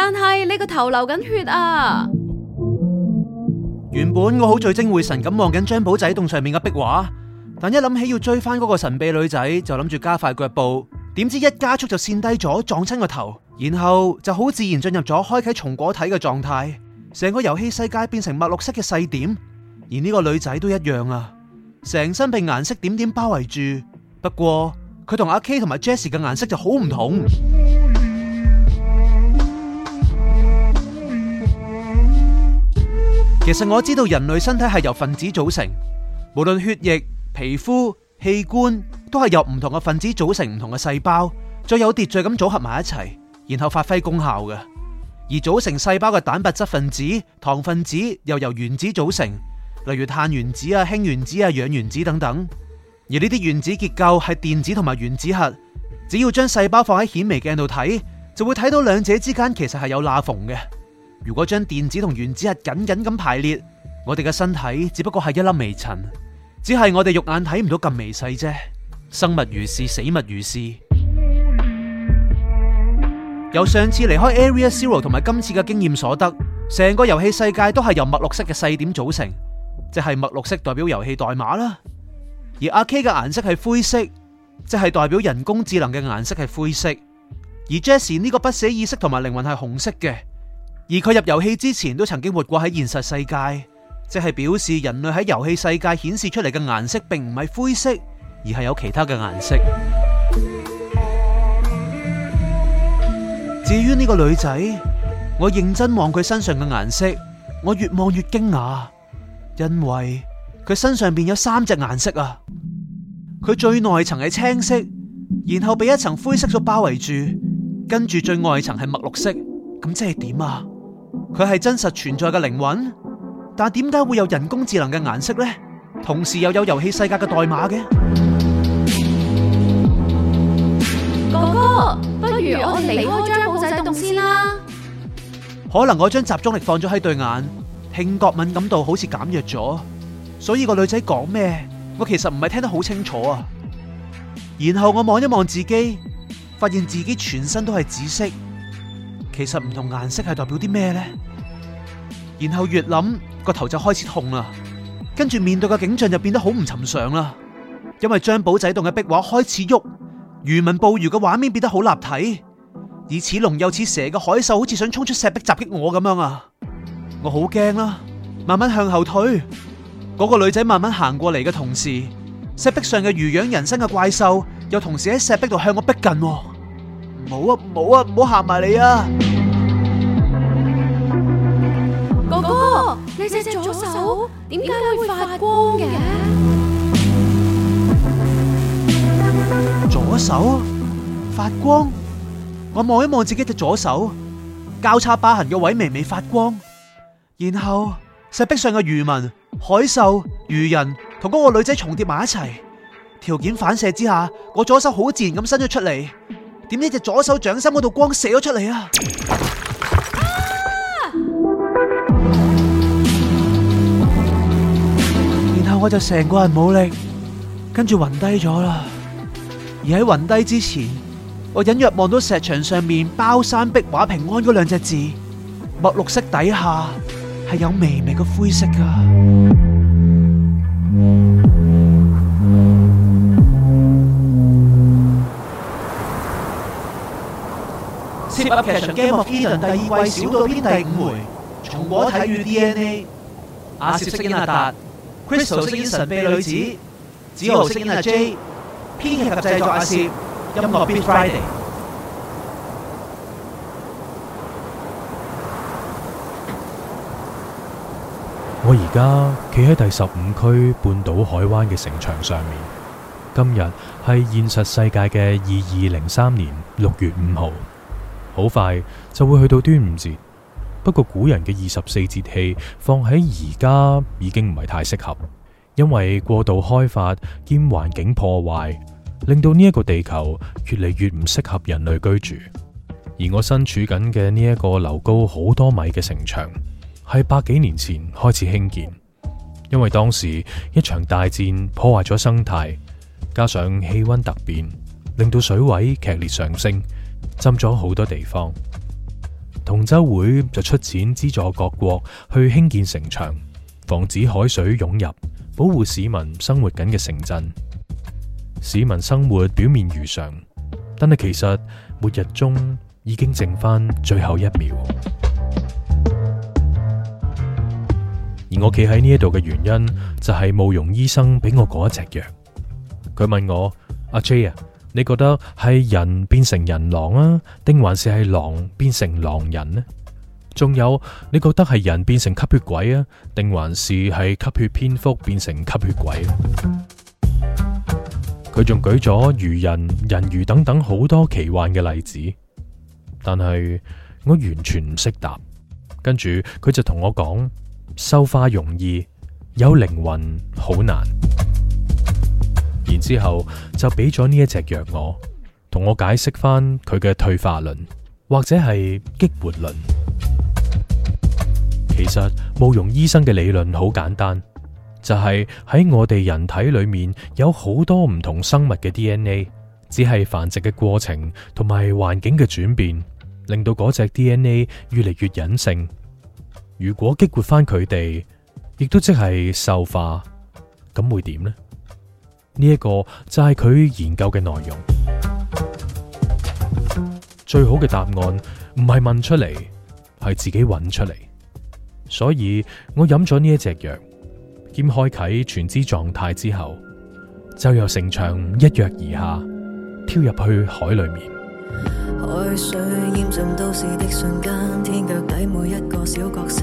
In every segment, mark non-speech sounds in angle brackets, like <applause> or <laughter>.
但係你個頭流緊血啊！原本我好聚精會神咁望緊張保仔洞上面嘅壁畫，但一諗起要追翻嗰個神秘女仔，就諗住加快腳步。點知一加速就跣低咗，撞親個頭，然後就好自然進入咗開啟松果體嘅狀態。成個遊戲世界變成墨綠色嘅細點，而呢個女仔都一樣啊！成身被顏色點點包圍住，不過佢同阿 K 同埋 Jesse 嘅顏色就好唔同。其實我知道人類身體係由分子組成，無論血液、皮膚、器官都係由唔同嘅分子組成唔同嘅細胞，再有秩序咁組合埋一齊，然後發揮功效嘅。而組成細胞嘅蛋白質分子、糖分子又由原子組成，例如碳原子啊、氫原子啊、氧原子等等。而呢啲原子結構係電子同埋原子核，只要將細胞放喺顯微鏡度睇，就會睇到兩者之間其實係有罅縫嘅。如果將電子同原子核緊緊咁排列，我哋嘅身體只不過係一粒微塵，只係我哋肉眼睇唔到咁微細啫。生物如是，死物如是。 <noise> 由上次離開 Area Zero 同埋今次嘅經驗所得，成個遊戲世界都係由墨綠色嘅細點組成，即係墨綠色代表遊戲代碼啦。而阿 K 嘅顏色係灰色，即係代表人工智能嘅顏色係灰色。而 Jesse 呢個不死意識同埋靈魂係紅色嘅。而佢入遊戲之前都曾經活過喺現實世界，即係表示人類喺遊戲世界顯示出嚟嘅顏色並唔係灰色，而係有其他嘅顏色。至於呢個女仔，我認真望佢身上嘅顏色，我越望越驚訝，因為佢身上邊有三隻顏色啊！佢最內層係青色，然後被一層灰色所包圍住，跟住最外層係墨綠色，咁即係點啊？佢係真實存在嘅靈魂？但係點解會有人工智能嘅顏色咧？同時又有遊戲世界嘅代碼嘅。哥哥，不如我哋離開張保仔洞先啦。可能我將集中力放咗喺對眼，聽覺敏感度好似減弱咗，所以個女仔講咩，我其實唔係聽得好清楚啊。然後我望一望自己，發現自己全身都係紫色。其實唔同顏色係代表啲咩呢？然後越諗個頭就開始痛啦，跟住面對嘅景象就變得好唔尋常啦。因為張保仔洞嘅壁畫開始喐，漁民捕魚嘅畫面變得好立體，而似龍又似蛇嘅海獸好似想衝出石壁襲擊我咁樣啊！我好驚啦，慢慢向後退。嗰個女仔慢慢行過嚟嘅同時，石壁上嘅魚樣人身嘅怪獸又同時喺石壁度向我逼近。唔好啊唔好啊，唔好行埋嚟啊！.隻隻左手點解會發光嘅？左手？發光？我望一望自己隻左手，交叉疤痕嘅位微微發光。然後石壁上嘅漁民、海獸、魚人同嗰個女仔重疊埋一齊。條件反射之下，我左手好自然咁伸咗出嚟，點知隻左手掌心嗰道光射咗出嚟啊！我就成個人冇力，跟住暈低咗啦。而喺暈低之前，我隱約望到石牆上面包山壁畫平安嗰兩隻字，墨綠色底下係有微微嘅灰色噶。《Zip 噏劇場 Game of Eden》第二季小島篇第五回，松果體與 DNA，阿攝飾演阿達。Crystal 飾演神秘女子，梓豪飾演阿 J，編劇及製作阿攝，音樂 Beat Friday。我而家企喺第十五區半島海灣嘅城牆上面。今日係現實世界嘅二二零三年六月五號，好快就會去到端午節。不過古人嘅二十四節氣放喺而家已經唔係太適合，因為過度開發兼環境破壞，令到呢一個地球越嚟越唔適合人類居住。而我身處緊嘅呢一個樓高好多米嘅城牆，係百幾年前開始興建，因為當時一場大戰破壞咗生態，加上氣溫突變，令到水位劇烈上升，浸咗好多地方。同舟會就出錢資助各國去興建城牆，防止海水湧入，保護市民生活緊嘅城鎮。市民生活表面如常，但係其實末日鐘已經剩翻最後一秒。而我企喺呢一度嘅原因，就係、是、慕容醫生俾我嗰一隻藥。佢問我：阿 J 啊！你覺得係人變成人狼啊，定還是係狼變成狼人呢？仲有你覺得係人變成吸血鬼啊，定還是係吸血蝙蝠變成吸血鬼啊？佢仲 <music> 舉咗魚人、人魚等等好多奇幻嘅例子，但係我完全唔識答。跟住佢就同我講：獸化容易，有靈魂好難。之後就俾咗呢一隻藥我，同我解釋翻佢嘅退化論或者係激活論。其實慕容醫生嘅理論好簡單，就係、是、喺我哋人體裏面有好多唔同生物嘅 DNA，只係繁殖嘅過程同埋環境嘅轉變，令到嗰隻 DNA 越嚟越隱性。如果激活翻佢哋，亦都即係獸化，咁會點呢？呢一個就係佢研究嘅內容。最好嘅答案唔係問出嚟，係自己揾出嚟。所以我飲咗呢一隻藥，兼開啟全知狀態之後，就由城牆一躍而下，跳入去海裏面。海水淹浸都市的瞬間，天腳底每一個小角色。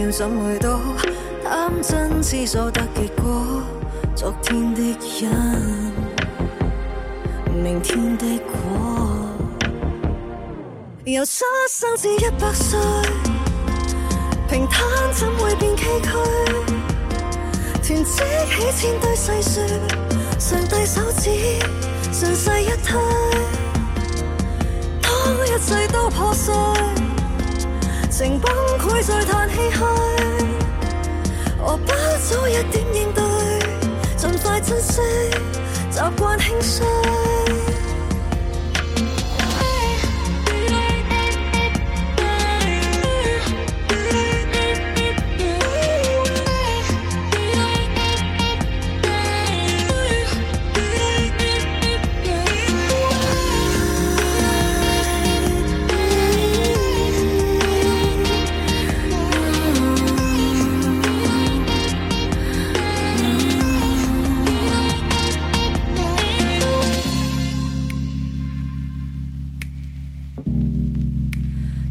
要怎去躲？貪嗔痴所得結果，昨天的因，明天的果。 <noise> 由出生至一百歲，平坦怎會變崎嶇？囤積起千堆細雪，上帝手指順勢一推，當一切都破碎。成崩潰再嘆唏嘘。何不早一點應對，盡快珍惜，習慣輕率。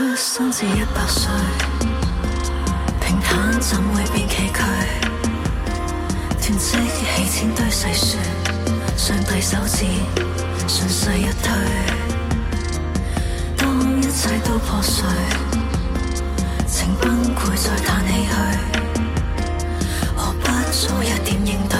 出生至一百歲，平坦怎會變崎嶇？堆積起千堆細雪，上帝手指順勢一推。當一切都破碎，情崩潰再嘆唏噓，何不早一點應對？